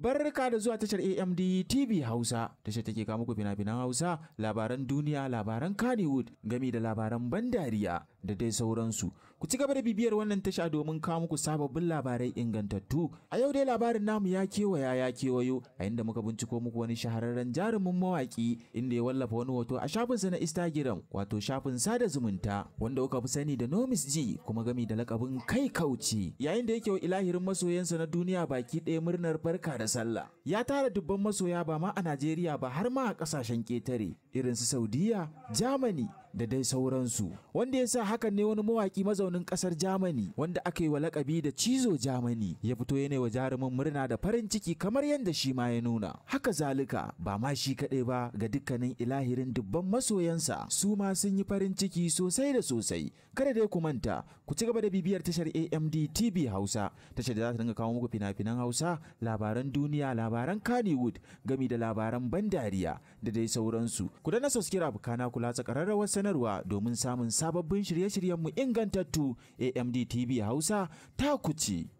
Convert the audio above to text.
Barka da zuwa tashar AMD TV Hausa, tashar take kama muku fina-finan Hausa, labaran duniya, labaran Kannywood, gami da labaran ban dariya da dai sauransu. Ku ci gaba da bibiyar wannan tasha domin kawo muku sababbin labarai ingantattu. A yau dai labarin namu ya kewaya ya kewayo a inda muka binciko muku wani shahararren jarumin mawaƙi inda ya wallafa wani hoto a shafinsa na Instagram wato shafin sada zumunta wanda kuka fi sani da Nomis G kuma gami da lakabin kai kauce. Yayin da yake wa ilahirin masoyansa na duniya baki ɗaya murnar barka da sallah. Ya tara dubban masoya ba ma a Najeriya ba har ma a ƙasashen ƙetare irin su Saudiya, Germany, da dai sauransu wanda ya sa hakan ne wani mawaki mazaunin kasar Germany wanda aka yi wa lakabi da Cizo Germany ya fito yana wa jarumin murna da farin ciki kamar yadda shi ma ya nuna haka zalika ba ma shi kaɗai ba ga dukkanin ilahirin dubban masoyansa su ma sun yi farin ciki sosai da sosai kada dai ku manta ku ci gaba da bibiyar tashar AMD TV Hausa tashar da za ta dinga kawo muku fina-finan Hausa labaran duniya labaran Kannywood gami da labaran ban dariya da dai sauransu ku dana subscribe kana kula tsakararrawar sanarwa domin samun sababbin shirye-shiryenmu ingantattu AMD TV Hausa ta kuci.